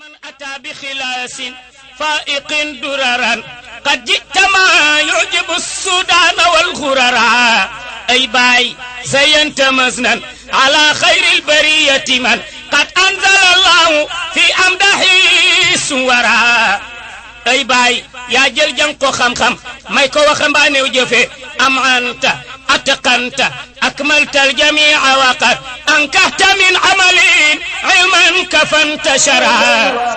من أتى بخلاس فائق دررا قد جئت ما يعجب السودان والغررا أي باي زينت مزنا على خير البرية من قد أنزل الله في أمده سورا أي باي يا جل جنكو خم خم ما يكو خم باني أم أنت أتقنت أكملت الجميع وقد أنكهت من عمل علما كفنت شرعا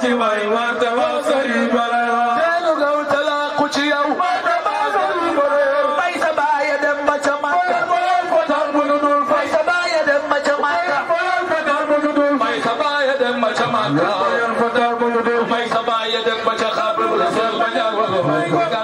ci way war tabax sëriñ bara teelu gaw talaaku ci yow war tabax sëriñ bara bay sa baaya dem ba ca Makka booleel ko tar bu nu dul bay sa baaya dem ba ca Makka booleel ko tar bu nu dul bay sa baaya dem ba ca Makka booleel ko tar bu nu dul bay sa baaya dem ba ca Xaadimu Rasuul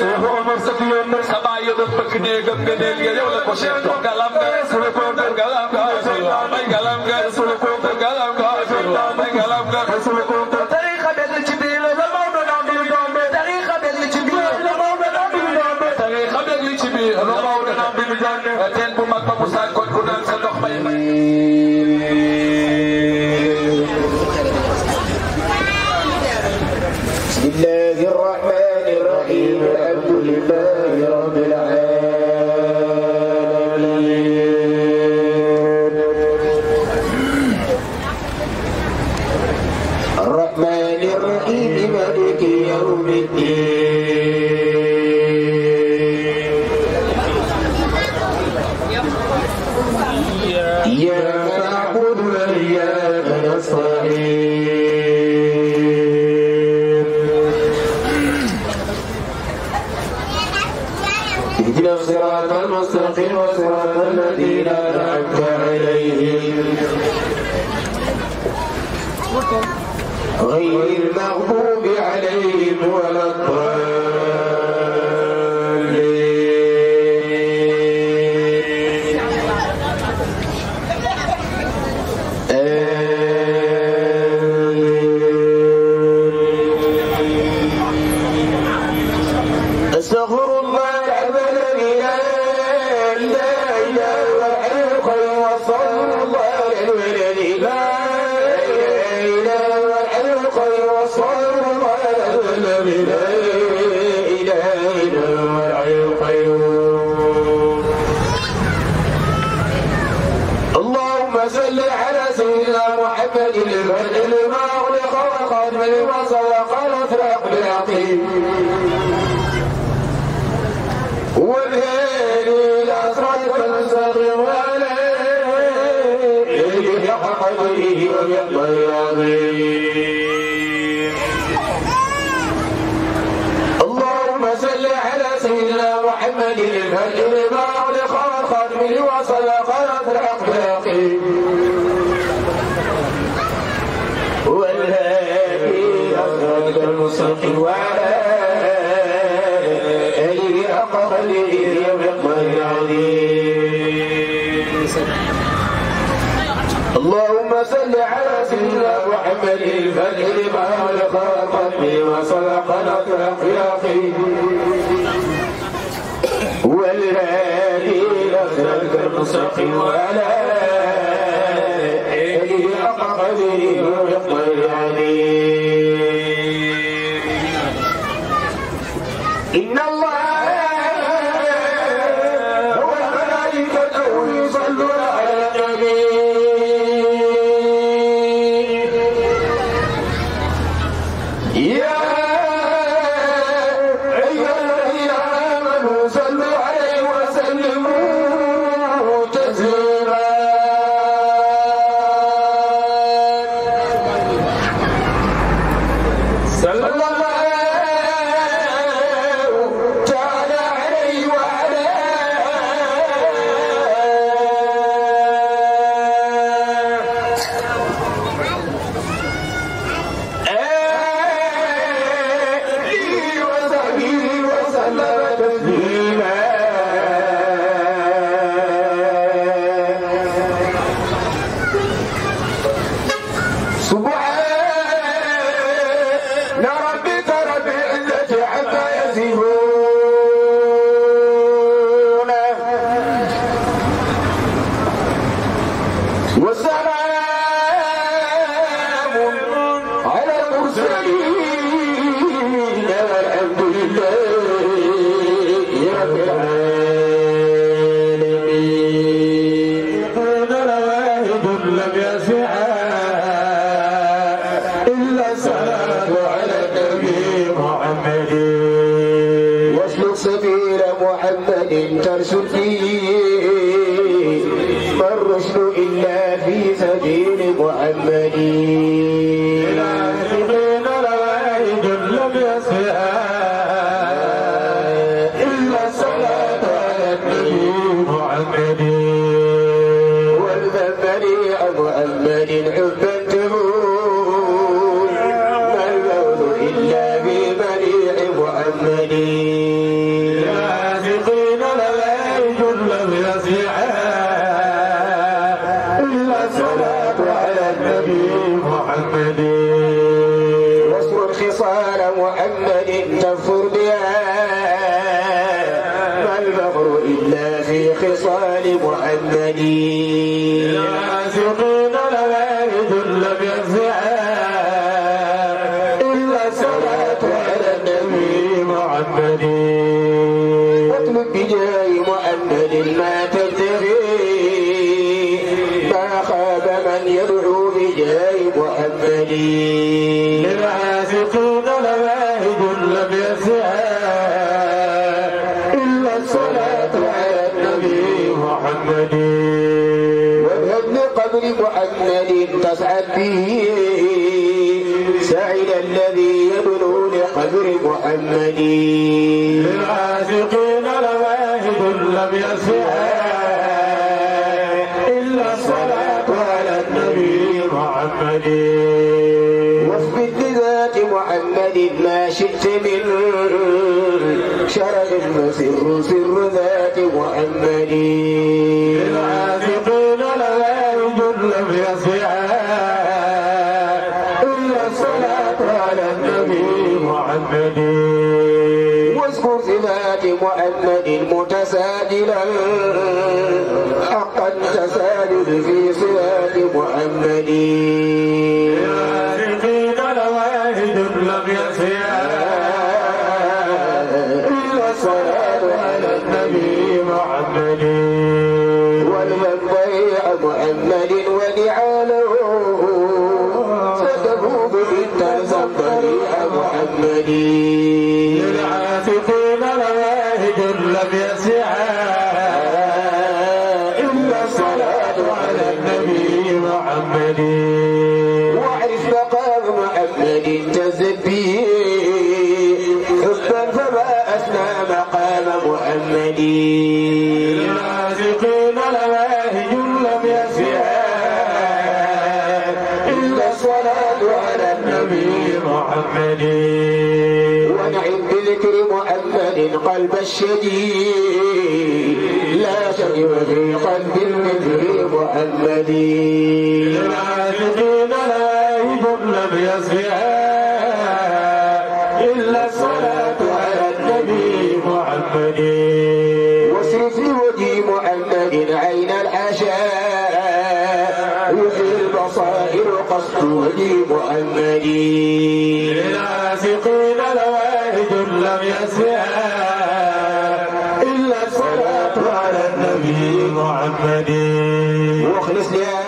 Sefu Omar Sadiyon nak sama yo dum pakne gam gane liya yo la ko shek to kalam ga sulu ko to kalam ga sulu mai kalam ga sulu ko to kalam ga sulu mai kalam ga sulu ko to tariqa bel ci bi la la mo do dam bi do be tariqa bel ci bi la mo do dam bi do be tariqa bel ci bi la mo do dam bi do be ten bu mak ba bu sa ko ko dan sa dox bay bay Thank you. Nora اللهم صل على سيدنا محمد الفتح لما خلق قلبي وصدق نطرق يا اخي والهادي الى المستقيم وعلى اله إن ترسل فيه المؤمن متسادلا حقا تسادل في صلاة محمد مرشدي لا شيء في قلبي مثل محمدي للعارفين لا يبر لم يصفها إلا الصلاة على النبي محمد واسرف لوجه محمد عين العشاء وفي البصائر قصد وجه محمد للعاشقين لواحد لم يصفها محمد واخلص لي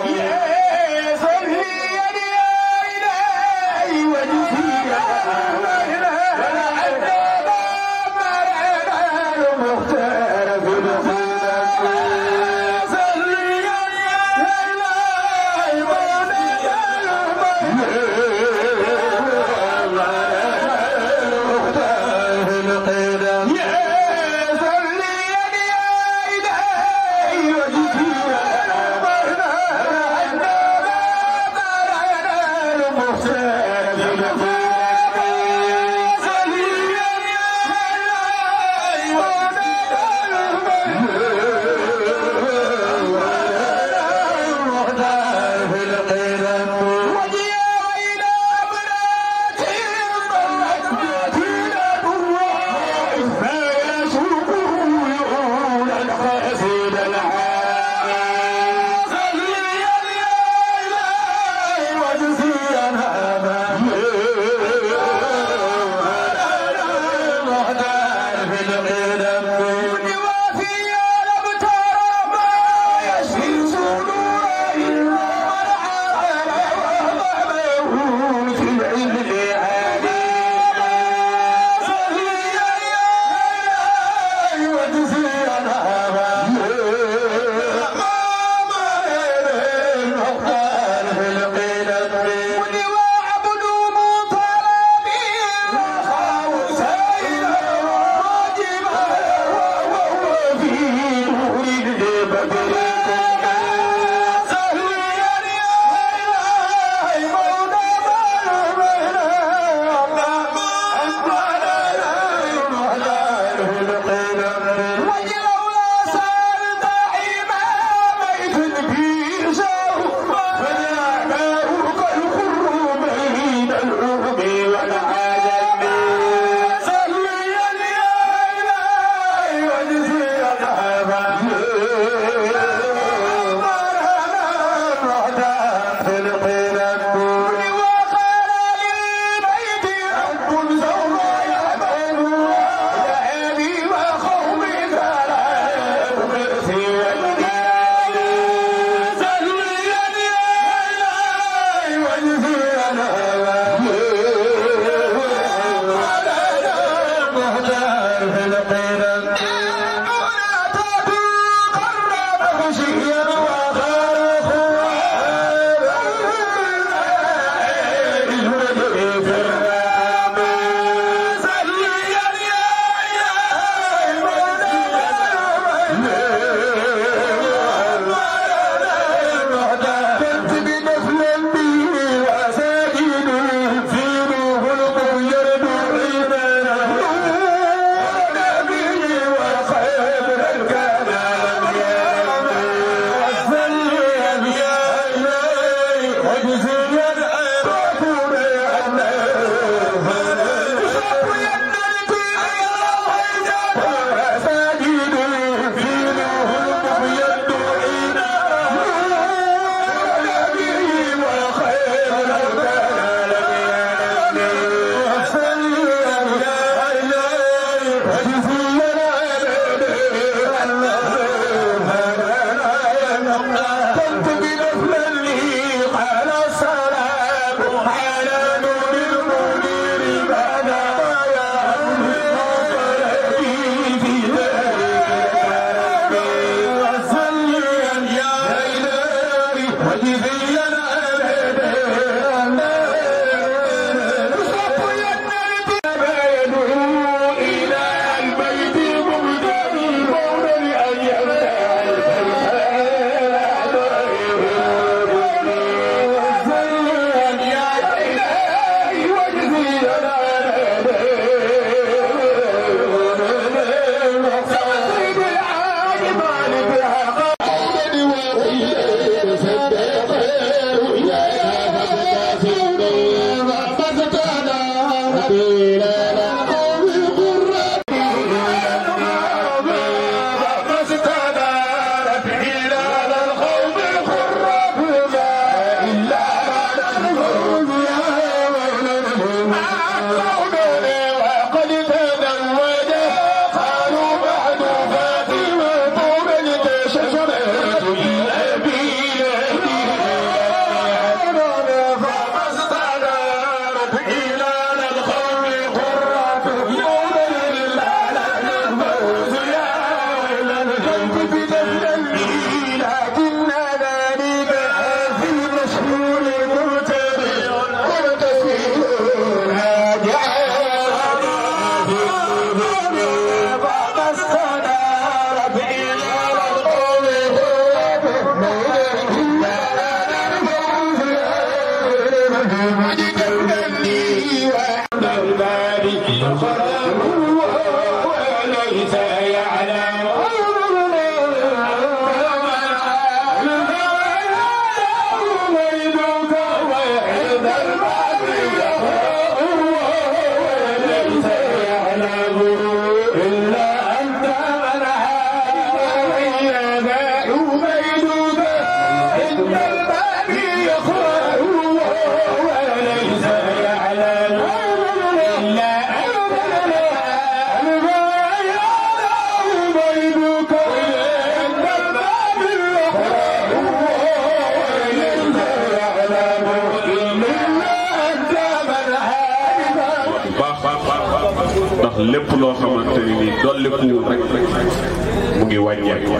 lépp loo xamante ni dolli kuul rek rek mu ngi wàññeeku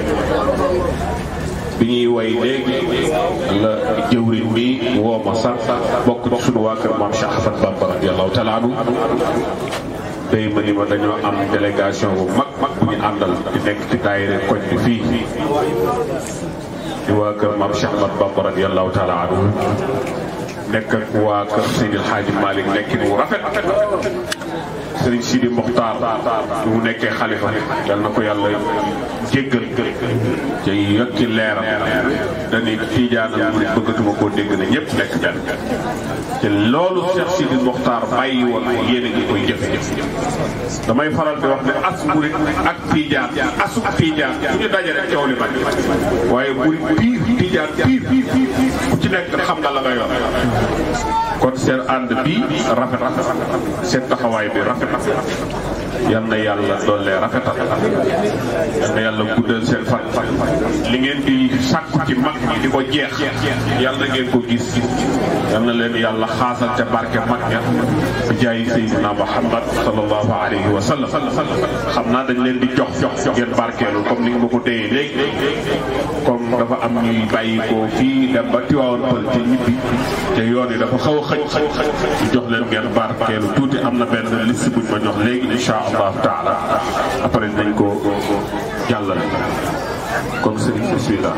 bi ñuy way léegi la jëwriñ bi woo ma sax bokk ci sunu waa kër maam Cheikh Ahmad Bamba radiyallahu taala anhu tey ma ni ma dañoo am délégation bu mag mag bu ñu àndal di nekk ci daayira koñ bi fii di waa kër maam Cheikh Ahmad Bamba radiyallahu taala anhu nekk ak waa kër Seydil Hadji Malick nekkin wu rafet sëriñ Sidi Mokhtar bu nekkee xalifa yal na ko yàlla jéggal te yokki leeram dañuy tiijaan mu bëggatuma koo dégg na ñëpp nekk benn te loolu Cheikh Sidi Mokhtar bàyyi woon yéen ngi koy jëf damay faral di wax ne as murit ak tiijaan asub tiijaan su ñu daje rek coow li bari waaye murit piir tiijaan piir ci nekk xam na la nga yor kon seen ànd bi rafet rafet seen taxawaay bi rafet rafet yal na yàlla doole rafetal yal na yàlla guddal seen fan li ngeen di sàkku ci mag ñi di ko jeex yal na ngeen ko gis yal na leen yàlla xaasal ca barke mag ña bi jaay Seydina Muhammad sallallahu alayhi wa sallam xam naa dañ leen di jox jox jox ngeen barkeelu comme ni nga ma ko téye léegi comme dafa am ñuy bàyyi ko fii dem ba Tiwaawan Pël ci ñibbi te yoon yi dafa xaw a xëj jox leen ngeen barkeelu tuuti am na benn liste buñ ma jox léegi allahu taala après nañ ko jàllale kon sëriñ bismillah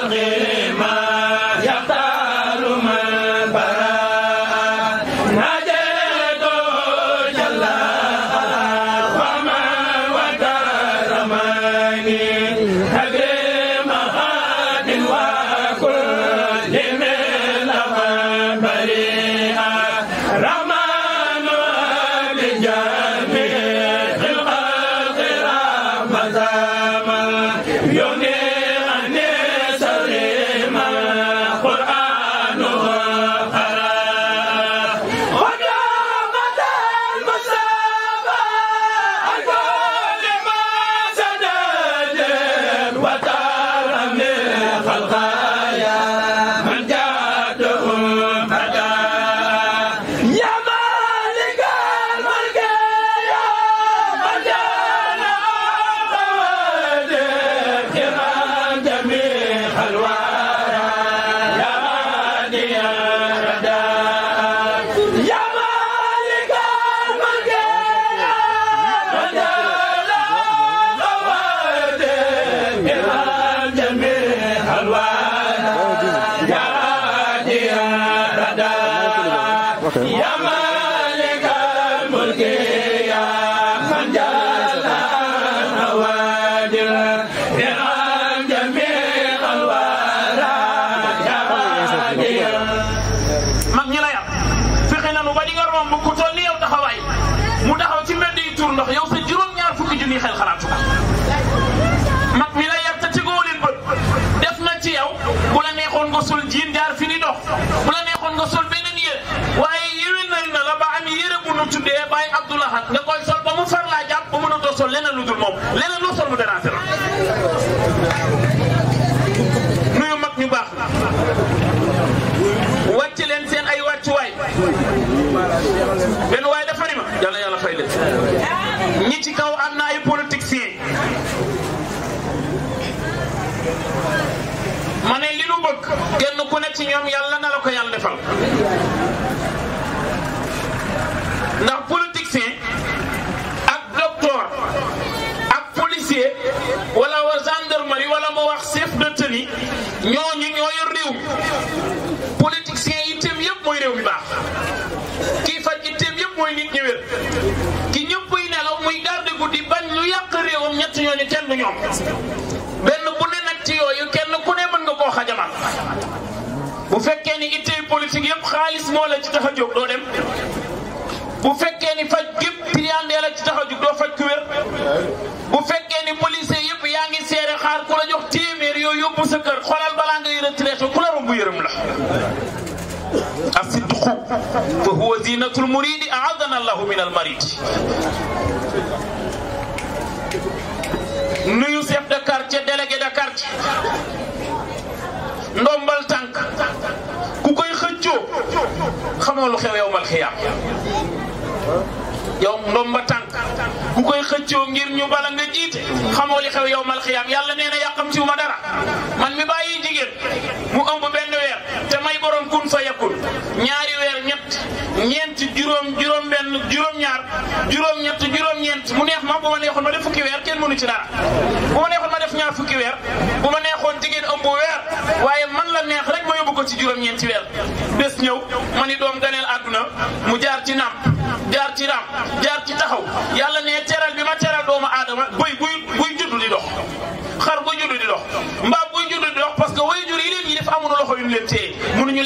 Sunday, my. mag mi la yar te teguwuleen bët def na ci yow bu la neexoon nga sol jiin jaar fi ni dox bu la neexoon nga sol beneen yére waaye yéwénal na la ba am yére bu nu tuddee Baye Abdou Lahad nga koy sol ba mu far laa jàpp ba mënatoo sol leneen lu dul moom leneen loo sol mu déranger la. ci ñoom yàlla na la ko yàlla defal ndax politicien ak docteur ak policier walla wa gendarmerie walla ma wax chef de tenue ñooñu ñoo yor réew politicien yi itam yëpp mooy réew mi baax kii faj itam yëpp mooy nit ñi wér ki ñëpp buy nelaw muy garde guddi bañ lu yàq réewam ñetti ñooñu kenn ñoom fekkee ni ittey politique yëpp xaalis moo la ci tax a jóg doo dem bu fekkee ni faj gépp piriandee la ci tax a jóg doo faj ku wér bu fekkee ni policier yëpp yaa ngi seere xaar ku la jox téeméer yooyu yóbbu sa kër xoolal balaa ngay retraité ku la romb yërëm la الصدق فهو زينة المريد أعاذنا الله من المريد نيو سيف دكارتي ديليغي دكارتي ndombal tànk ku koy xëccoo xamoo lu xew yow xiyaam yow ndomba tànk ku koy xëccoo ngir ñu bala nga jiite xamoo li xew yow xiyaam yàlla nee na yàqam ci ma dara man mi bàyyi jigéen mu ëmb benn weer te may borom kun fa yakul ñaari ñeent juróom juróom benn juróom ñaar juróom ñett juróom ñeent mu neex ma bu ma neexoon ma def fukki weer kenn mënu ci dara bu ma neexoon ma def ñaar fukki weer bu ma neexoon jigéen ëmb weer waaye man la neex rek ma yóbbu ko ci juróom ñeenti weer bés ñëw ma ni doom ganeel àdduna mu jaar ci nàmp jaar ci ram jaar ci taxaw yàlla ne teral bi ma teral doomu aadama buy buy buy juddu di dox xar buy juddu di dox mbaa buy juddu di dox parce que way jur yi leen ñi def amuñu loxo yu ñu leen téye mënuñu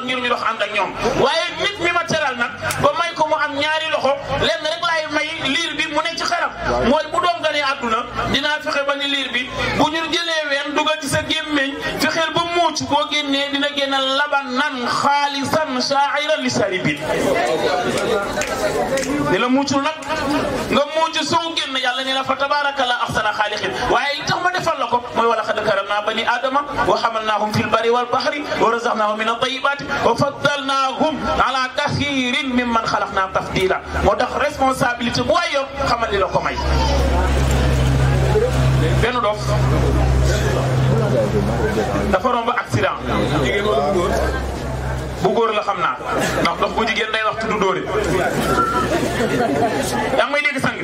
àndoon ngir ñu dox ànd ak ñoom waaye nit mi ma teral nag ba may ko mu am ñaari loxo lenn rek laay may liir bi mu ne ci xelam mooy bu doom ganee àdduna dinaa fexe ba ni liir bi bu ñu jëlee ween dugal ci sa gémm ci boo génnee dina génne labanan xaalisan shaa'iran li saribin ne la muccul nag nga mucc soo génn yàlla ne la fa tabaaraka la axsana xaaliqin waaye li tax ma defal la ko mooy wala xad karamnaa bani aadama wa xamalnaahum fil barri wal baxri wa razaqnaahum min at-tayyibaati wa faddalnaahum ala kathirin mimman xalaqnaa tafdiila moo tax responsabilité bu ay yor xamal li la ko may benn dof dafa romb accident jigéen wala bu góor bu góor la xam naa ndax dox bu jigéen day wax tudd dóore yaa ngi may dégg sang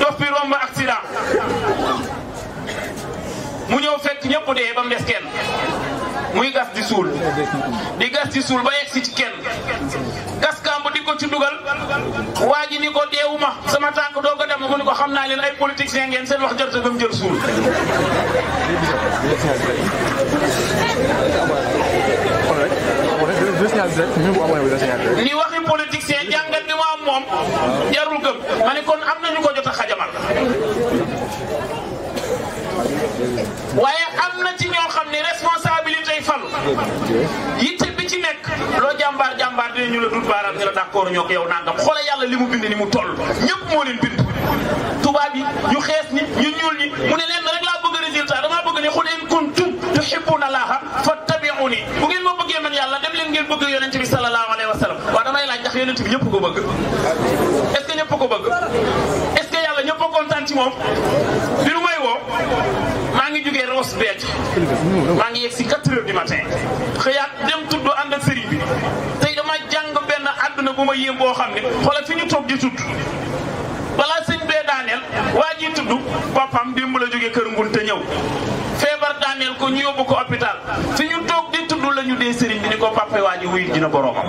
dox bi romb accident mu fekk kenn muy gas di sul di gas di sul ba si ci kenn gas ko ci dugal waji ni ko deewuma sama tank do doga dem mu ko xamna len ay politique politiciens ngeen seen wax jërtu gëm jël sul ni waxi politique politicien jangal ni ma mom jarul gëm mané kon am nañu ko jotta xajamal waye am na ci ñoo xamni responsabilité falu yitté loo jàmbaar jàmbaar dina ñu la dut baaraam ni a d'accord ñoo ko yow nangam xoole yàlla li mu bind ni mu toll ñëpp moo leen bind tubaab yi xees ni ñu ñuul ñi mu ne leen rek laa bëgg résultat damaa bëgg ne xul in kuntum tuhibbuna allaha fattabi'uni bu ngeen ma bëggee man yàlla dem leen ngeen bëgg yonent bi sallallahu alayhi wa sallam damay laaj ndax yonent bi ñëpp ko bëgg est-ce que ko bëgg est-ce yàlla ñëpp a moom mos bett maa ngi yegg si quatre heures du matin xëyaat dem tudd ànd ak sëriñ bi tey dama jàng benn àdduna bu ma yéem boo xam ne xoolal fi ñu toog di tudd balaa sëñ bee daaneel waa ji tudd papam démb la jógee kër ngun te ñëw feebar daaneel ko ñu yóbbu ko hôpital fi ñu toog di la ñu dee sëriñ bi ni ko papa waa ji wuyut dina boroomam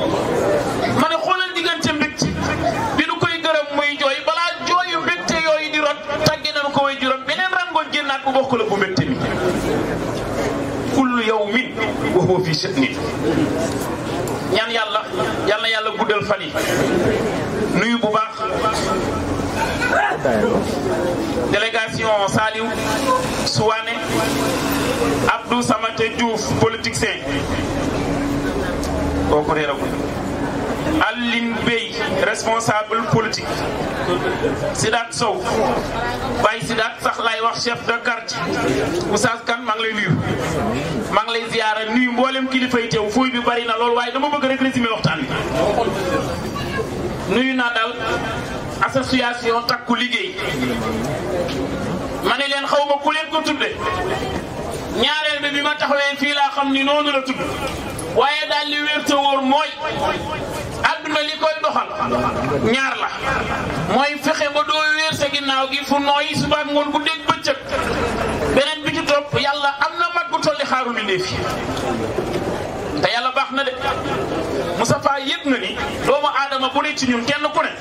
ma ne xoolal diggante mbég ci bi nu koy gërëm muy jooy balaa jooyu mbégte yooyu di rot tàgge nañu ko way juróom beneen rangoon génnaat bu bokk la bu mbégte mi kullu yawmin wa huwa fii shatnin ñaan yàlla yal na yàlla guddal fan nuyu bu baax délégation Saliou Souane Abdou Samaté Diouf politicien kooku réer Aline Bey responsable politique Sidaat Sow Baye Sidaat sax laay wax chef de quartier Oustaz Kane maa ngi lay nuyu maa ngi lay ziyaara nuyu mboolem kilifa yi teew fuuy bi bari na lool waaye dama bëgg rek résumé waxtaan bi nuyu naa daal association takku liggéey ma leen xaw ma ku leen ko tudde ñaareel bi bi ma taxawee fii laa xam ni noonu la tudd waaye daal li wér te wóor mooy adduna li koy doxal ñaar la mooy fexe ba doo wéer sa ginnaaw gi fu nooyi subaak ngoon bu dégg bëccëg beneen bi ci topp yàlla am na mat bu tolli xaaru li ndéef yi te yàlla baax na de Moustapha yëg na ni doomu aadama bu ne ci ñun kenn ku ne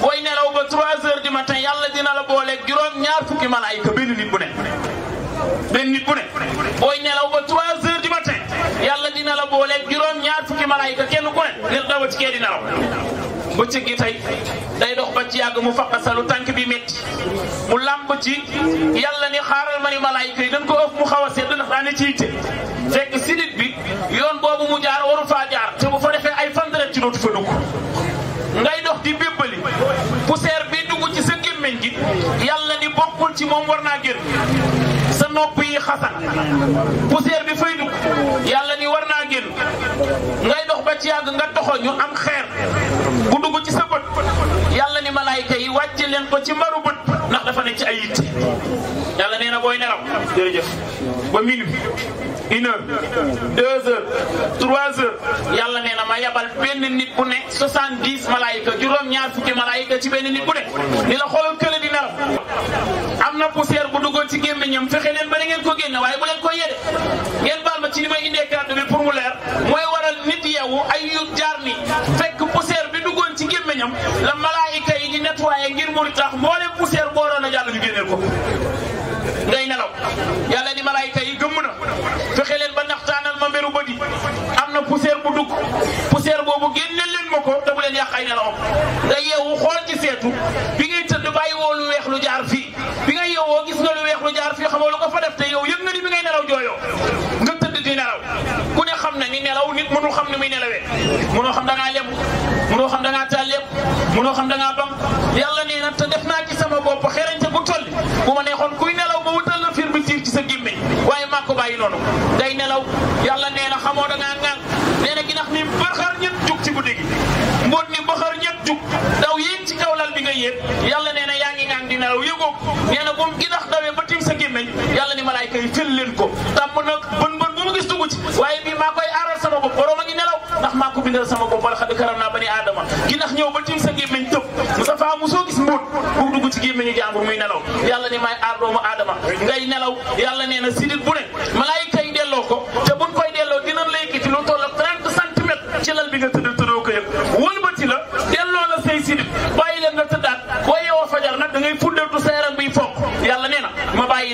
booy nelaw ba 3 heures du matin yàlla dina la booleeg juróom ñaar fukki malaayka benn nit bu ne benn nit bu ne bëccëgee di nelaw bëccëg gi tey day dox ba ci yàgg mu faqasalu tànk bi métti mu làmb ci yàlla ni xaaral ma ni malaayika yi dañ ko mu xaw a sedd ndax daane ci yitte fekk sidit bi yoon boobu mu jaar waru faa jaar te bu fa defee ay fan deret ci dootu fa dugg ngay dox di bébbali poussière bi dugg ci sa gémmiñ gi yàlla ni bokkul ci moom war naa génn sa nopp yi xasan poussière bi fay dugg yàlla ni war naa génn ngay dox ba ci yàgg nga toxo ñu am xeer bu dugg ci sa bët yàlla ni malaayka yi wàcce leen ko ci mbaru bët ndax dafa ne ci ay yitte yàlla nee na booy nelaw jërëjëf ba minuit une heure deux heures trois heures yàlla nee na ma yabal ne soixante dix malaayika juróom-ñaar fukki malaayika ci benn nit ku ne ni la xoolal kële di nelaw am na poussière bu duggoon ci gémmiñam fexe fexe leen ba ni ngeen ko génne waaye bu leen ko yéede ngeen baal ma ci li may indee kàddu bi pour mu leer mooy waral nit yeewu jaar ni fekk poussière bi duggoon ci gémmiñam la malaayika yi di nettoyé ngir mu tax mboolem poussière boo doon a jàll ñu génneel ko ngay nelaw yàlla di malaayika yi gëmm na fexe leen ba nax poussière bët yi am na poussière bu dugg poussière boobu génneel leen ma ko te bu leen yàq ay nelawam nga yeewu xool ci seetu bi ngay tëdd bàyyi woo lu weex lu jaar fii bi nga yeewoo gis nga lu weex lu jaar fii xamoo lu ko fa def te yow yëg nga ni bi ngay nelaw jooyoo nga tëdd di nelaw ku ne xam na ni nelaw nit mënul xam ni muy nelawee mënoo xam da ngaa lem mënoo xam da ngaa taal lépp mënoo xam da ngaa bam yàlla nee na te def naa ci sama bopp xerañte bu tolli bu ma neexoon kuy nelaw bàyyi loolu day nelaw yàlla nee na xamoo da ngaa ŋànk nee na ginax mi mbaxar ñett jug ci guddi gi mboot mi mbaxar ñett jug daw yéeg ci kaw lal bi nga yéeg yàlla nee na yaa ngi ŋànk di nelaw yëgoo nee na bu ginax dawee ba tim sa gémmeñ yàlla ni malaayka yi fël leen ko tàmm nag bën bën bu mu gis dugg ci waaye bii maa koy aaral sama bopp borom a ngi nelaw ndax maa ko bindal sama bopp wala xad karam naa bani aadama ginax ñëw ba tim sa gémmeñ gémmiñu jàmbur muy nelaw yàlla ne maay aar doomu ngay nelaw yàlla nee na bu ne malaayika yi delloo ko te koy delloo dinañ la yëkkati lu toll ak 30 centimètres ci bi nga tëdd tëddoo ko yëpp wëlbati la delloo la say sidit bàyyi leen nga tëddaat boo yeewoo fajar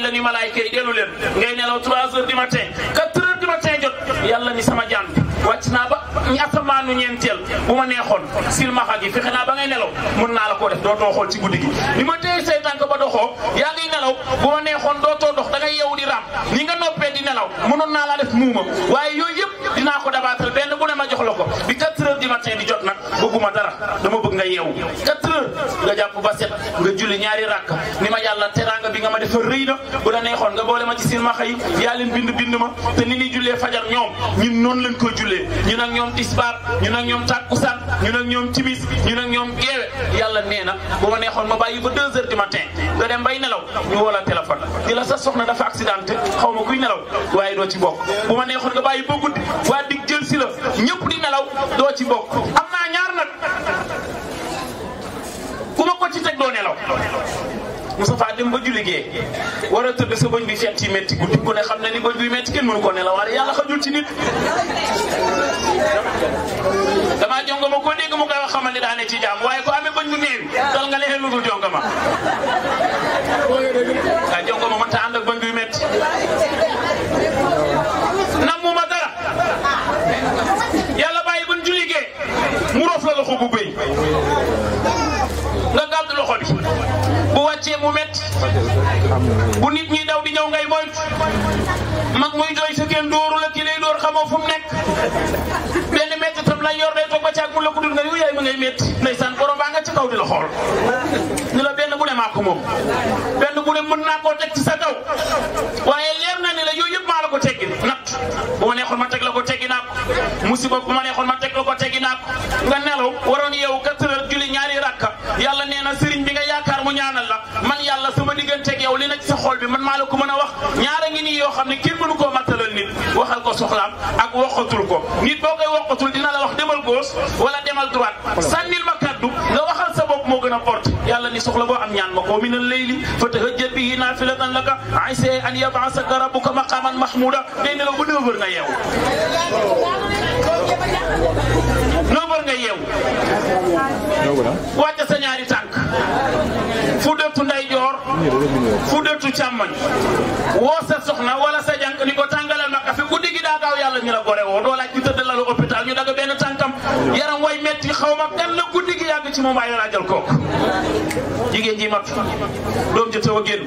la ni malaayika yi dellu leen ngay nelaw 3 heures du matin 4 heures du matin jot yàlla ni sama jàmm wàcc naa ba asamaanu ñeenteel bu ma neexoon silmaxa gi fexe naa ba ngay nelaw mën naa la koo def dootoo xool ci guddi gi li ma téye say tànk ba doxoo yaa ngay nelaw bu ma neexoon dootoo dox da ngay yeewu di raam ni nga noppee di nelaw mënoon naa laa def muuma waaye yooyu yëpp dinaa ko dabaatal benn bu ne a jox la ko bi 4 heures du matin di jot nag bëgguma dara dama bëgg nga yeewu nga jàpp ba set nga julli ñaari rakk ni ma yàlla teranga bi nga ma defal rëy na bu la neexoon nga boole ma ci seen maxa yi bind bind ma te ni ñuy jullee fajar ñoom ñun noonu lañ koy jullee ñun ñoom tisbaar ñun ak ñoom tàkkusaan ñun ak ñoom timis ñun ak ñoom geewe yàlla nee na bu ma neexoon ma bàyyi ba deux heures du matin nga dem bay nelaw ñu woo la téléphone sa soxna dafa accidenté xaw ma kuy nelaw waaye doo ci bokk bu ma neexoon nga bàyyi ko ci teg doo nelaw ba julli gee war a tëdd sa bëñ bi fett yi métti guddi ku ne xam ne ni bëñ bi métti kenn mënu ko nelaw waaye yàlla xajul ci nit damaa jongama ko dégg mu koy wax xamal ni daane ci jaam waaye ko amee bëñ bu néew dal nga leneen lu dul jongama waaye jongama mënta ànd ak bëñ bi métti bu nit ñi daw di ñëw ngay moyt mag muy jooy sa kenn dóoru la ki lay dóor xamoo fu mu nekk benn métti tam lay yor day toog ba caag mu la ko dul nga yu yaay ma ngay métti ndeysaan borom baa nga ci kaw di la xool ni la benn bu ne maa moom benn bu ne mën naa koo teg ci sa kaw waaye leer na ne la yooyu yëpp maa la ko teggi nat bu ma neexoon ma teg la ko teggi naa ko musiba bu ma neexoon ma bi man maa la ko mën a wax ñaara ngi nii yoo xam ne kenn mënu koo mattalal nit waxal ko soxlaam ak waxatul ko nit boo koy waxatul dina la wax demal gauche wala demal droite sànnil ma kaddu nga waxal sa bopp moo gën a porte yàlla ni soxla boo am ñaan ma ko min al layli fa tahajjat bihi naafilatan laka aysee an yabasaka rabbuka maqaman mahmuda day nelaw ba neuf heures nga yeewu neuf heures nga yeewu wàcc sa ñaari taal dëttu ndeyjoor fu dëttu càmmoñ woo sa soxna wala sa jànk ni ko tàngalal ma kafe guddi gi daa gaaw yàlla ñu la gore woo doo laaj ñu tëdd lalu hôpital ñu daga benn tànkam yaram way metti xaw ma kan la guddi gi yàgg ci moom waaye laa jël kooku jigéen ji mat doom ji taw a génn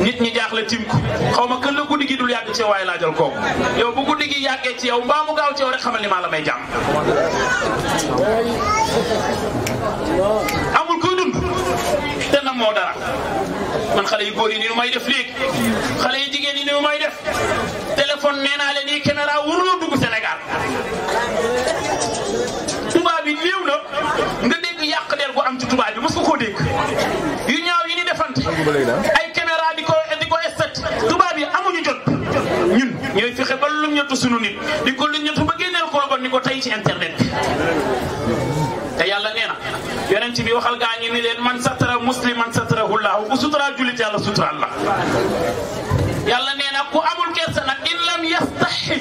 nit ñi jaaxle tim ko xaw ma kan la guddi gi dul yàgg waaye laa jël kooku yow bu guddi gi yàggee ci yow mbaa mu gaaw ci yow rek xamal ni maa la may jàmm moo dara man xale yu góor yi ni nu may def léegi xale yu jigéen yi ni nu may def téléphone nee naa leen nii Canada waruloo dugg Sénégal tubaab yi néew na nga dégg yàq der bu am ci tubaab bi mos nga koo dégg yu ñaaw yi ni defante ay Canada di ko di ko estat tubaab yi amuñu jot ñun ñooy fexe ba lu ñottu sunu nit di ko lu ñottu ba génneel ko ba ni ko tey ci internet bi te yàlla nee na yonent bi waxal gaa ñi ni leen man satara musliman satarahu llahu ku suturaa jullit yàlla suturaal la yàlla nee na ku amul kersa nag in lam yastaxi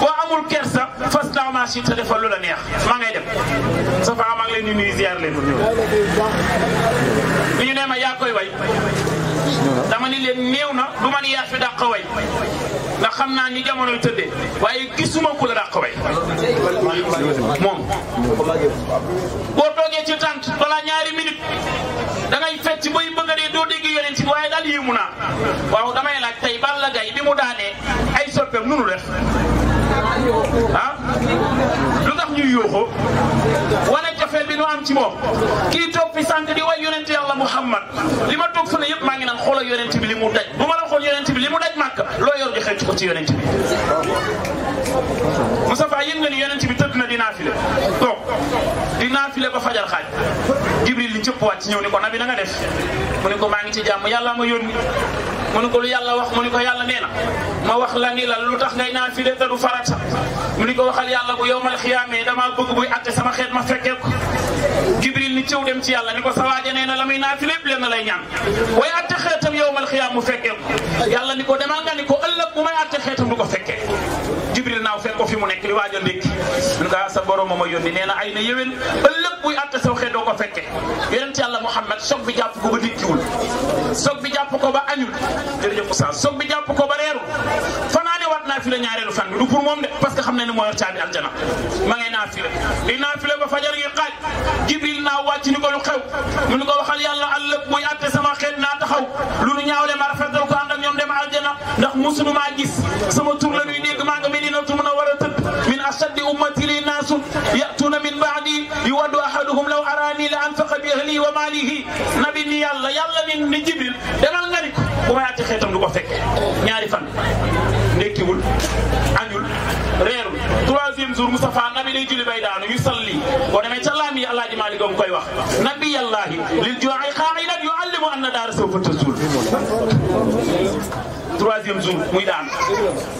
boo amul kersa fas naa maa si te defal lu la neex maa ngay dem sa faa maa ngi leen di nuyu ziar leen bu ñëw li ñu nee ma yaa koy way dama ni leen néew na du man yaa fi dàq way xam naa ni jamonoy tëddee waaye gisuma ku la dàq way moom boo toogee ci tànt balaa ñaari minute dangay fecc bay bëgg a dee doo dégg yonent bi waaye daal yéemu naa waaw damay laaj tey Balla Gaye bi mu daanee ay soppeem nunu def ah ñu yuuxu wane cofeel bi nu am ci moom kii toog fi sànq di way yonent yàlla muhammad lima ma toog fu ne yëpp maa ngi naan xoola yonent bi li mu daj bu ma la xool yonent bi li mu daj màkk loo yor di xëcc ko ci yonent bi Moustapha yëg nga ni yonent bi tëdd na dinaa file toog dinaa file ba fajar xaaj jibril li cëpp wàcc ñëw ni ko nabi na nga def mu ne ko maa ngi ci jàmm yàlla ma yónni mu ne ko lu yàlla wax mu ne ko yàlla nee ma wax la ni la lu ngay naa file te du farata mu ne ko waxal yàlla bu yowmal xiyaamee damaa bëgg buy atte sama xeet ma fekkee ko jibril ni cëw dem ci yàlla ni ko sa waaja nee na la muy naati lépp leen na lay ñaan way atte xeetam yowmal xiyaam mu fekkee ko yàlla ni ko demal nga ni ko ëllëg bu may atte xeetam du ko fekkee jibril naaw fekk ko fi mu nekk li waaja ndékki ñu ko sa borom ma yónni nee na ay na yéwén ëllëg buy atte saw xeet doo ko fekke yonent yàlla muhammad soog bi jàpp ko ba dikkiwul soog bi jàpp ko ba añul jërëjëf Oustaz soog bi jàpp ko ba reerul ñëwaat naa fi la ñaareelu fan bi du pour moom de parce que xam na ne moo yor caabi aljana ma ngay naa fi la di naa fi la ba fajar gi xaaj jibril naa wàcc ni ko lu xew mu ni ko waxal yàlla àllëg muy atte sama xeet naa taxaw lu nu ñaawle ma rafetal ko ànd ak ñoom dem aljana ndax musunu maa gis sama tur la ñuy dégg maa nga medinatu mun a war a tëdd min ashaddi ummati li naasun yatuna min baadi yuwaddu ahaduhum law araani la anfaqa bi ahlihi wa maalihi nabi ni yàlla yàlla ni ni jibril demal nga ni ko bu may atte xeetam du ko fekk ñaari fan nekiwul añul reerul troisième jour Moustapha nabi lay julli bay daanu yu salli bo demé ci lami allah di malikum koy wax nabi allah lil ju'i qaa'idan yu'allimu anna dar sawfa tazul troisième jour muy daan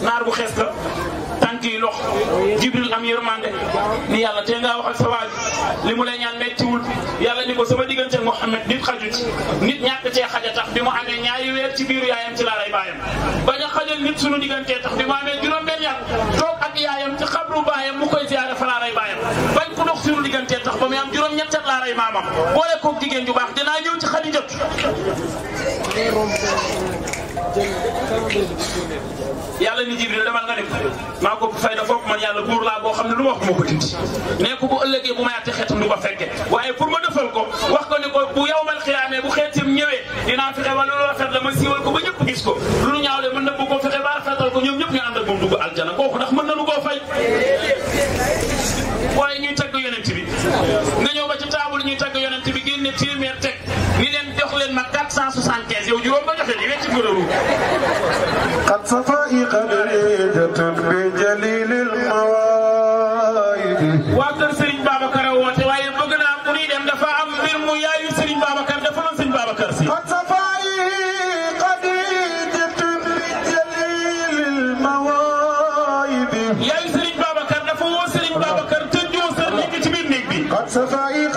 nar bu xees daan lox jibril am yërmande ni yàlla tee ngaa wax ak sa waaj li mu lay ñaan mettiwul yàlla ni ko sama diggante Muhammad nit xaju ci nit ñàkk cee xaja tax bi mu amee ñaari weer ci biiru yaayam ci laa lay baayam bañ a xajal nit sunu diggantee tax bi mu amee juróom benn yàq toog ak yaayam ci xabru baayam mu koy ziyaare fa laa lay baayam bañ ko dox sunu diggantee tax ba mu am juróom ñettat laa lay maamam boole koog jigéen ju baax dinaa ñëw ci xadijat yàlla ni jibril demal nga dem maa ko fayda foofu man yàlla góor laa boo xam ne lu ma wax moo ko dindi nee ko bu ëllëgee bu ma yàtte xeetam du ko fekke waaye pour ma defal ko wax ko ni ko bu yawmal xiyaamee bu xeetam ñëwee dinaa fexe wala lu rafet la ma siiwal ko ba ñëpp gis ko lu nu ñaawle mën na bu ko fexe ba rafetal ko ñoom ñëpp ñu ànd ak moom aljana kooku ndax mën na nu koo fay waaye ñuy tagg yonent bi nga ñëw ba ci taabul ñuy tagg yonent bi génne téeméer teg ni leen jox leen ma 475 yow juróom ba joxe li wecc góoróoru قد صفائي قبيدة بجليل المواعيد وقت سيرين بابكر وانت واي بغنا قولي دم دفع امير مو ياي سيرين بابكر دفع سيرين بابكر سي قد صفائي قبيدة بجليل المواعيد ياي سيرين بابكر دفع سيرين بابكر تجو سيرين كتبين نيك قد صفائي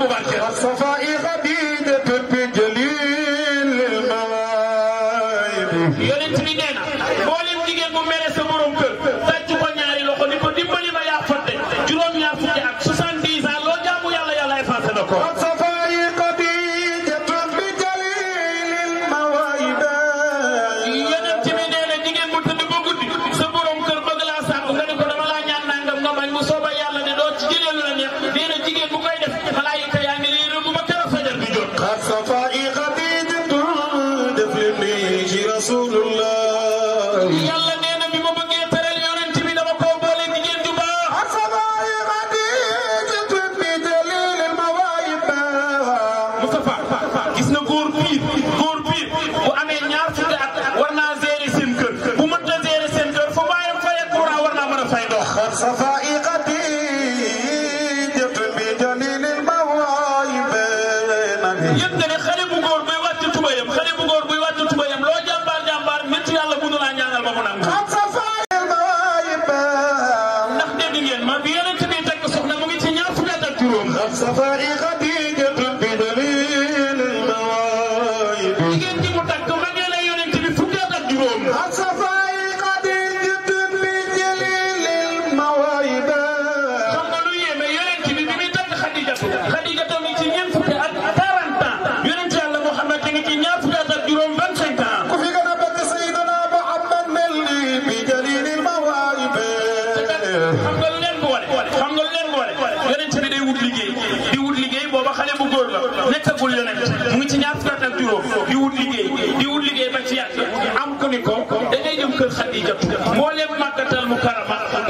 مباشرة صفائي Butler.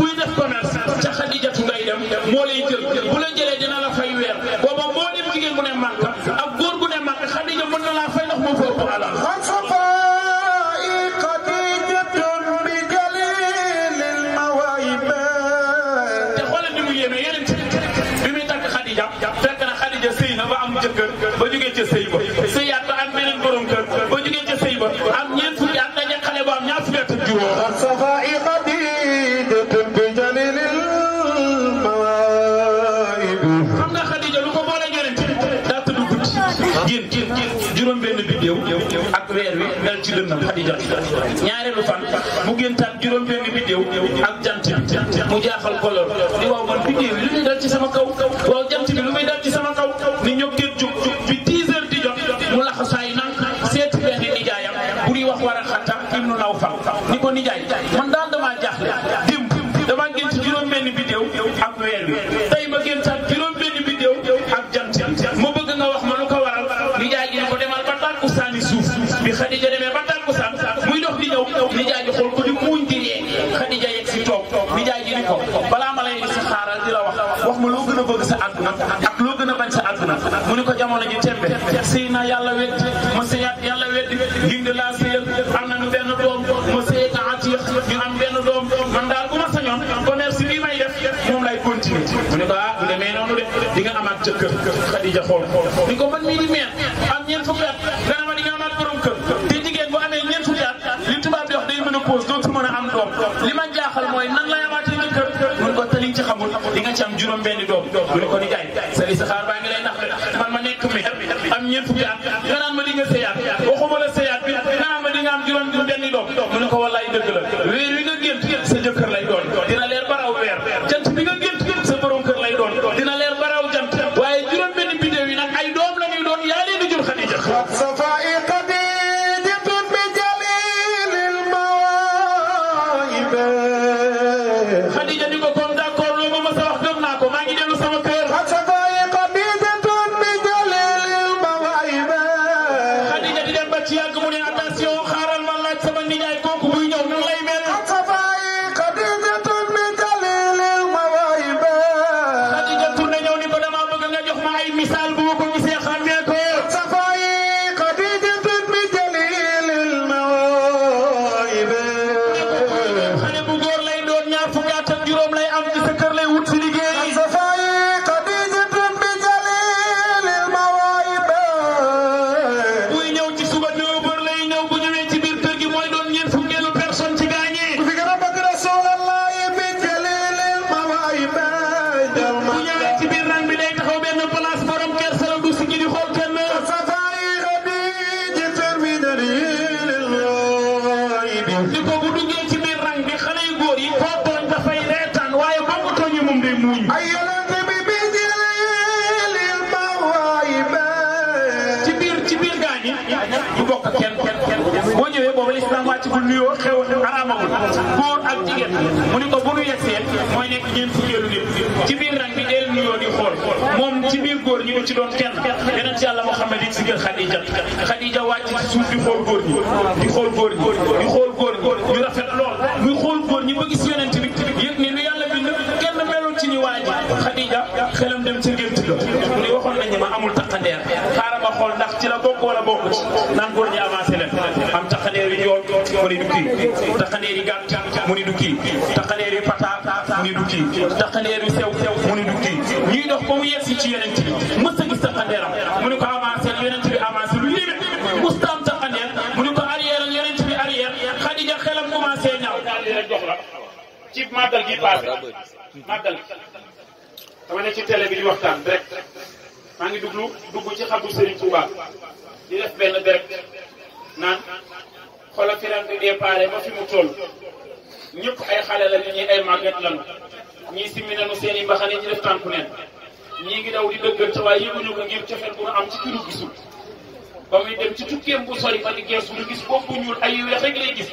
mel ci dënnam Xadija ñaareelu fan mu géntaat juróom benn biddew ak jant mu jaaxal ko lool di waaw man biddew li ñu ci sama kaw jamono ji tembe sëy na yàlla weddi mu sëyaat yàlla weddi gindi laa sëyal am nañu benn doom mu sëyeeg atiix ñu am benn doom man daal bu ma sañoon commerce bi may def moom lay continuer mu ne ko ah bu demee noonu de di nga amaat jëkkër Xadija xool ni ko man mii di meer am ñeent fukki at nga ne ma di nga amaat borom kër te jigéen bu amee ñeent fukki at li tubaab di wax day mën a pause dootul mën a am doom li ma jaaxal mooy nan lay amaatee jëkkër mun ko tali ci xamul di nga ci am juróom benni doom mu ne ko ni gaay sa li sa xaar juróom-benni doom mu ne ko wallaay takkandeer xaaral ma xool ndax ci la bokk wala bokku ci naan góor ñi avancé leen am takkandeer yu yoon mu ni du kii takkandeer yi gàtt mu ni du kii takkandeer yi pata mu ni du kii takkandeer yu sew sew mu ni du kii ñuy dox ba mu yegsi ci yeneen ci mës a gis takkandeeram mu ni ko avancé yeneen ci bi avancé lu yéeme mustaam takkandeer mu ni ko arrière yeneen ci bi arrière xadija xelam commencé ñaaw daal di la jox la ci màggal gi passé màggal dama ne ci télé bi di waxtaan rek maa ngi dugg dugg ci xam xabru Serigne Touba di def benn béréb naan a firan bi déparé ma fi mu toll ñëpp ay xale la ñi ay màgget lañu ñii simmi nañu seen i mbaxane ñu def tànku neen ñii ngi daw di dëggal te waaye yëguñu ko ngir cofet bu nu am ci kiru gisul ba muy dem ci tukkeem bu sori fa di geesu lu gis boobu ñuul ay weex rek lay gis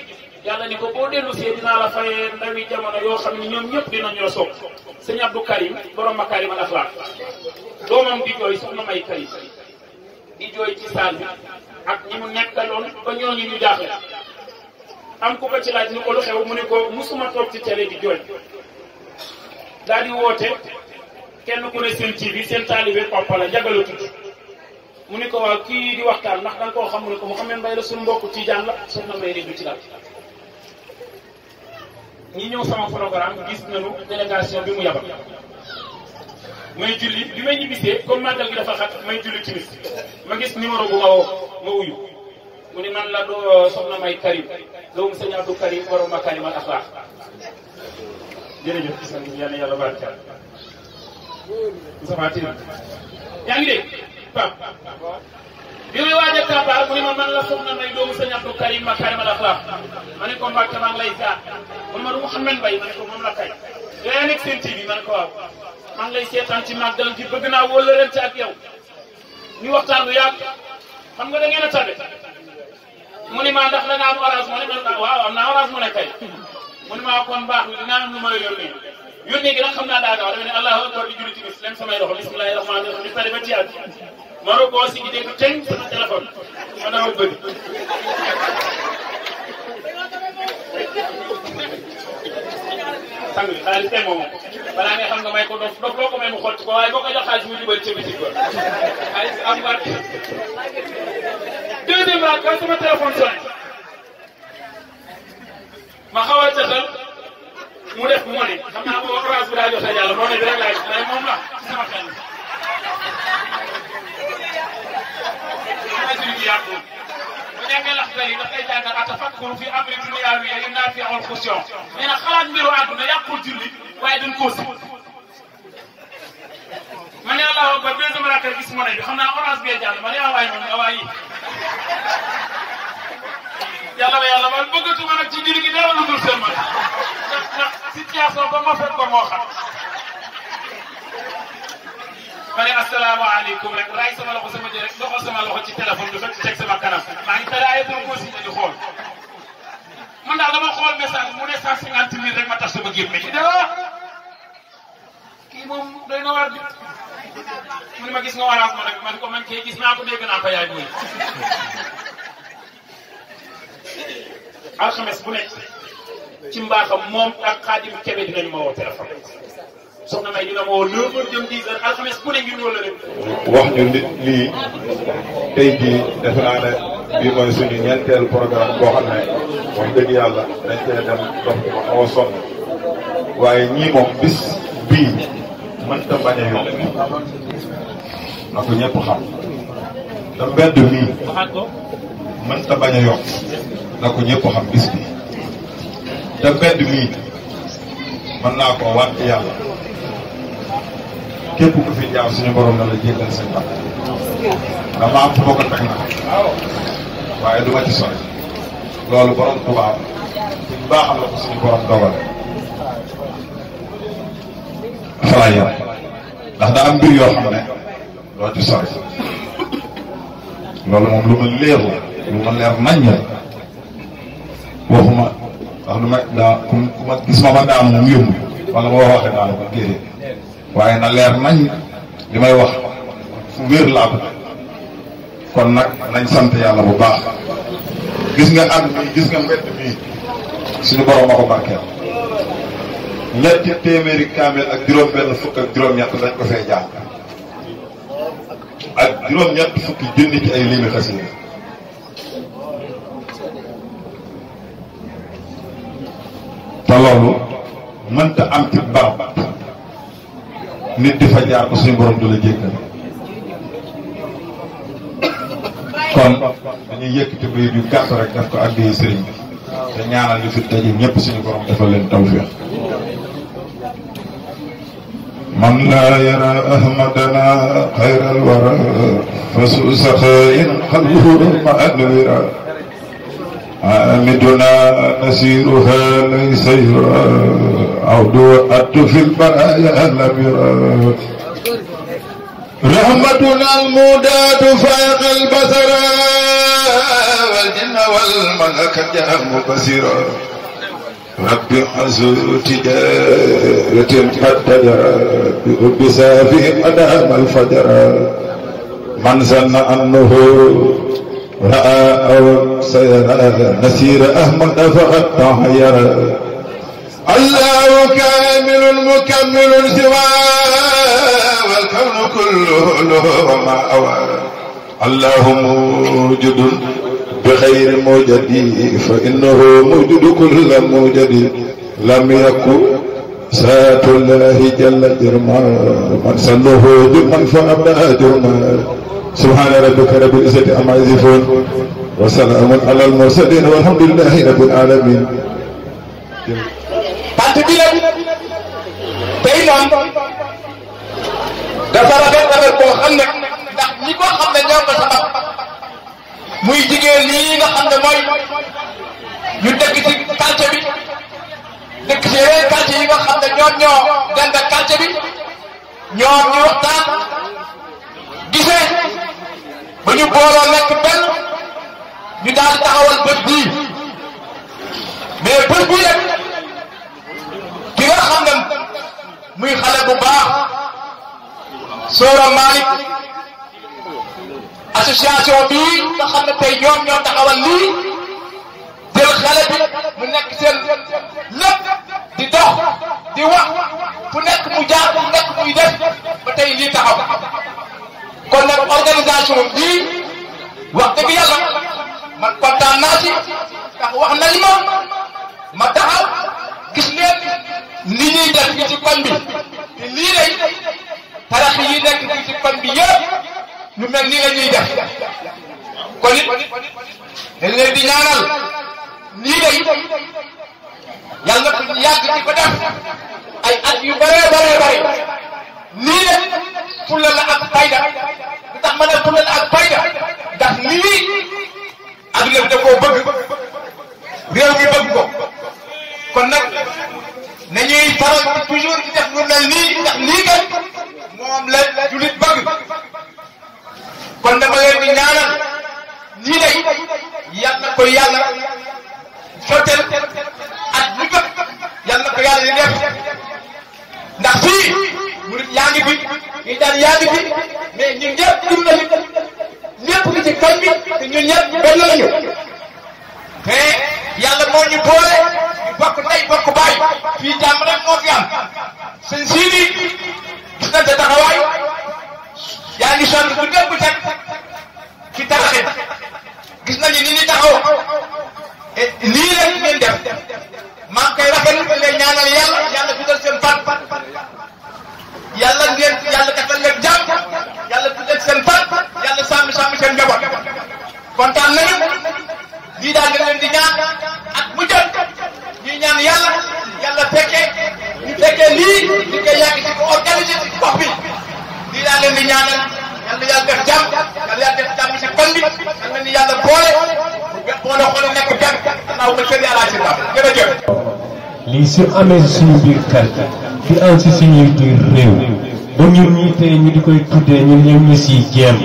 yàlla ni ko boo dellu see dinaa la fayee ndawi jamono yoo xam ne ñoom ñëpp dinañ la soog sëñ Abdou Karim borom Makarim al Akhlaq doomam di jooy soxna May Karim di jooy ci saal bi ak ñi mu nekkaloon ba ñooñu ñu jaaxle am ku ko ci laaj ni ko lu mu ne ko musuma toog ci télé di jooy daal di woote kenn ku ne seen TV seen taalibe Papa la njagala tudd mu ne ko waaw kii di waxtaan ndax da nga koo xam mu ne ko Mouhamed Mbaye la suñu mbokku Tijaan la soxna May ne du ci laaj. ñi ñëw sama programme gis nañu délégation bi mu yabal may julli bi may ñibbisee comme màggal gi dafa xat may julli timis ma gis numéro bu ma woo ma wuyu mu ne man la doo euh, soxna may Karim doomu sëñ Abdou Karim borom makarimal axlaax jërëjëf gis nañu yàlla yàlla barkeel Moussa Fatim yaa ngi dégg Pape bi muy waaj a kàbbaar mu ne ma man la soxna may doomu sëñ Abdou Karim ma Karim al Akhlaq ma ne ko Mbacke maa ngi lay ziar mu ne ma du Mouhamed Mbaye ma ne ko moom la kay. yaa nekk seen TV ma ne ko waaw maa ngi lay seetaan ci màggal gi bëgg naa wóllërante ak yow ñu waxtaan bu yàgg xam nga da ngeen a tabe mu ne ma ndax da nga am orange mu ne ma waaw am naa orange mu ne kay mu ma kon baax na dinaa am lu ma la yónnee yónnee gi nag xam naa daa gaaw dama di julli ci bis leen samay maro koo si ñu dégg tey sama téléphone ma dama bëgg. sang bi xaalis tey moomu balaa nga xam nga may ko dof dof loo ko may mu xotti ko waaye boo ko jox xaalis mu jubal ca bitik ba xaalis am baat. deuxième raad ba sama téléphone sonné ma xaw a tëxal mu def monnaie xam naa ko orange bi daa joxe yàlla monnaie bi rek laaj moom la sama xel. يعقوب ونعمل الأخبار لقيت أتفكر في أمر دنياوي ينافع الخشوع من خلال ميرو أدنى يقول جلي ويدن كوسي من الله أكبر بيزم راكر اسمه نبي خمنا أراز بيجال من يا واي من أواي yàlla la yàlla man bëggatuma nag ci njëriñ gi dara lu dul seen man ndax ndax situation ba ma fekk ko moo xam ma ne asalaamaaleykum rek raay ci téléphone bi ba xool man daal dama xool message mu ne 150 mille ma tax sama gémmiñ mi. kii moom doy na war mu ne ma gis nga orange ma rek ko man kii gis naa ko dégg naa ko yaay booy. alxames bu nekk ci mbaaxam moom ak xaadim kebe dinañ ma woo téléphone. wax ñu li lii tey jii defe naa ne bii mooy suñu ñeenteel programme boo xam ne wax dëgg yàlla dañ cee dem dox ba xaw a waaye ñii bis bii mënta bañ a yomb na ko ñëpp xam te mbedd mii mënta bañ a yomb na ko ñëpp xam bis bi te mbedd mii mën naa ko waat yàlla képp ku fi jaar suñu borom na la jéggal sa bàq dama am fu ko teg nag waaye du ma ci sori loolu borom tubaab ci baaxam la ko suñu borom dogal falaay yor ndax daa am mbir yoo xam ne doo ci sori loolu moom lu ma leeru lu ma leer waxuma lu ma daa ku ma gis ma ma daa moom wala ma waxee daa ko waaye na leer nañ li wax fu la am kon nag nañ sant yàlla bu baax gis nga ànd gis nga mbedd bi suñu borom a ko barkeel ñetti téeméeri ak fukk ak ko ak ci ay limi am ci nit di fa jaar ko suñu borom dula la jéggal kon dañuy yëkkati bayit yu gàtt rek daf ko addi sëriñ bi te ñaanal ñu fi daje ñëpp suñu borom defal leen tawfiq من لا يرى أحمدنا خير الورى فسوء سخاء قلبه المأنورا عامدنا نسيرها ليس يرى عود أت في البرايا لبرا رحمتنا المودات فاق البصر والجن والملك جاء مبصرا رب حزو تجارة قد تجرى بحب أدام الفجر من ظن أنه رأى أو سيرى نسير أحمد فقد تحير الله كامل مكمل سواه والكون كله له وما أوى الله موجد بغير موجد فإنه موجد كل موجد لم يكن سات الله جل جرما من سنه بمن فأبدا جرما سبحان ربك رب العزة عما يزفون وسلام على المرسلين والحمد لله رب العالمين parti bi nag tey moom dafa rafet rafet boo xam ne ndax ñi ko xam ne ñoo ko sabab muy jigéen lii nga xam ne mooy ñu dëkk ci quartier bi dëkk ci yi nga xam ne ñoom ñoo dend ak quartier bi ñoom ñu waxtaan gisee ba ñu booloo nekk benn ñu daal taxawal bët bii mais bët bii rek. xam nga muy xale bu baax Soora Malick association bii nga xam ne tey ñoom ñoo taxawal lii jël xale bi mu nekk seen lépp di dox di wax fu nekk mu jaar fu nekk muy def ba tey lii taxaw kon nag organisation bii wax dëgg yàlla man kontaan naa ci wax nañ ma ma taxaw. gis ngeen ni ñuy def ci ban bi te lii lay tarax yi nekk ci ban bi yëpp lu mel nii la ñuy def kon it dañ leen di ñaanal nii lay yàlla ko yàgg di ko def ay at yu bare bare bare nii la fulla la ak fayda lu tax ma fulla la ak fayda ndax lii ak lépp da bëgg mi bëgg ko dañuy faral toujours di def lu mel nii ndax lii kat moom la julit bëgg kon dama leen di ñaanal ñii day yal na ko yàlla sottel ak ñu jot yal na ko yàlla di def ndax fii murit yaa ngi fi ñi daan yaa ngi fi mais ñun ñëpp dund nañu ñëpp ci koñ bi te ñun ñëpp benn lañu te yàlla moo ñu boole ñu bokk ndey bokk baay fii jàmm rek moo fi am seen siini gis nañ sa taxawaay yaa ngi sonn bu dia, teg ci taxaxi gis nañu ni ni taxaw dia, rek ngeen def maa ngi koy rafetlu leen ñaanal yàlla yàlla fidal seen fan yàlla ngeen yàlla defal leen jàmm yàlla fidal seen fan yàlla sàmm sàmm seen njaboot kontaan nañu lii daal leen di ñaan ak mu jot ñaan yàlla yàlla lii ñu koy yàgg di ko organisé ci gox bi lii daal leen di ñaanal yàlla jàmm jàmm ci kon bi yàlla yàlla boole lii su amee suñu biir kër di am si suñu biir réew ba ñun ñii tey ñu di koy tuddee ñun ñoom ñu siy jéem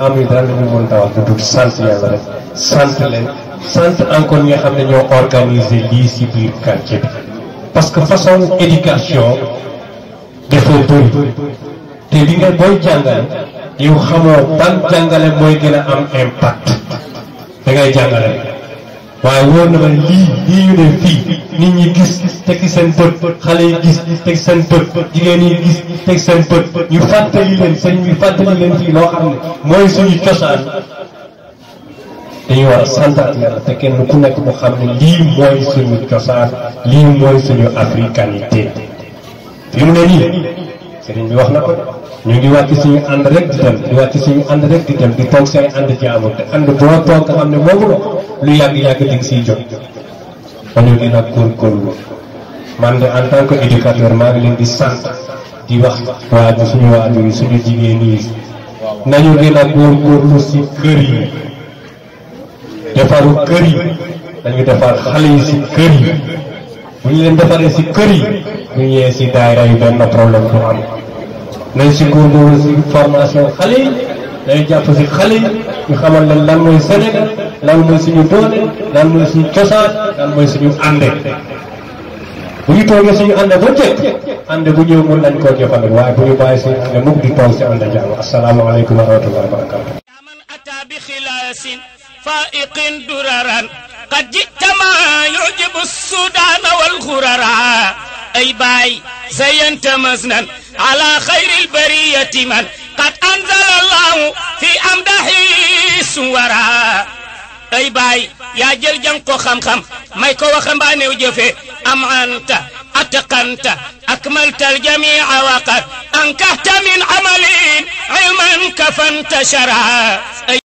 am yi daal la ñu mën a wax di sant yàlla rek. sant leen sant encore ñi nga xam ne ñoo organiser lii si biir quartier bi parce que façon éducation dafa bëri te li nga booy jàngale yow xamoo ban jàngale mooy gën a am impact da ngay jàngale waaye wóor na ma lii lii ñu ne fii nit ñi gis te ci seen bët xale yi gis teg seen yi gis teg seen bët ñu fàttali leen sëñ fàttali leen fii loo xam ne mooy suñu cosaan dañu war a santaat yàlla te kenn ku nekk mu xam ne lii mooy suñu cosaan lii mooy suñu africanité fi mu ne nii sëriñ bi wax na ko ñu ngi wàcc suñu ànd rek di dem di wàcc suñu ànd rek di dem di toog say ànd te ànd boo toog xam ne la lu yàgg yàgg di siy jot man de en tant que éducateur maa ngi leen di sant di wax suñu suñu jigéen yi nañu gën a si kër yi defaru kër dañ ko defar xali ci si bu ñu leen defaree ci kër ñu bu ci si daayira yi benn problème ko am lay ci ko do ci formation xali lay japp ci xali ñu xamal leen lan moy Sénégal lan moy suñu doole lan moy suñu cosaan lan moy suñu ànde bu ñu toogee suñu ànd ba jëkk ànd bu ñëw mu lañ ko jëfal waaye bu ñu bàyyi ci ànd mu di ci si ànd assalamu alaykum wa rahmatullahi wa barakatuh فائق دررا قد جئت ما يعجب السودان والغررا أي باي زينت مزنا على خير البرية من قد أنزل الله في أمدح سورا أي باي يا جل جنكو خم خم مايكو باني وجفه أم أنت أتقنت أكملت الجميع وقد أنكهت من عملين علما كفانتشرا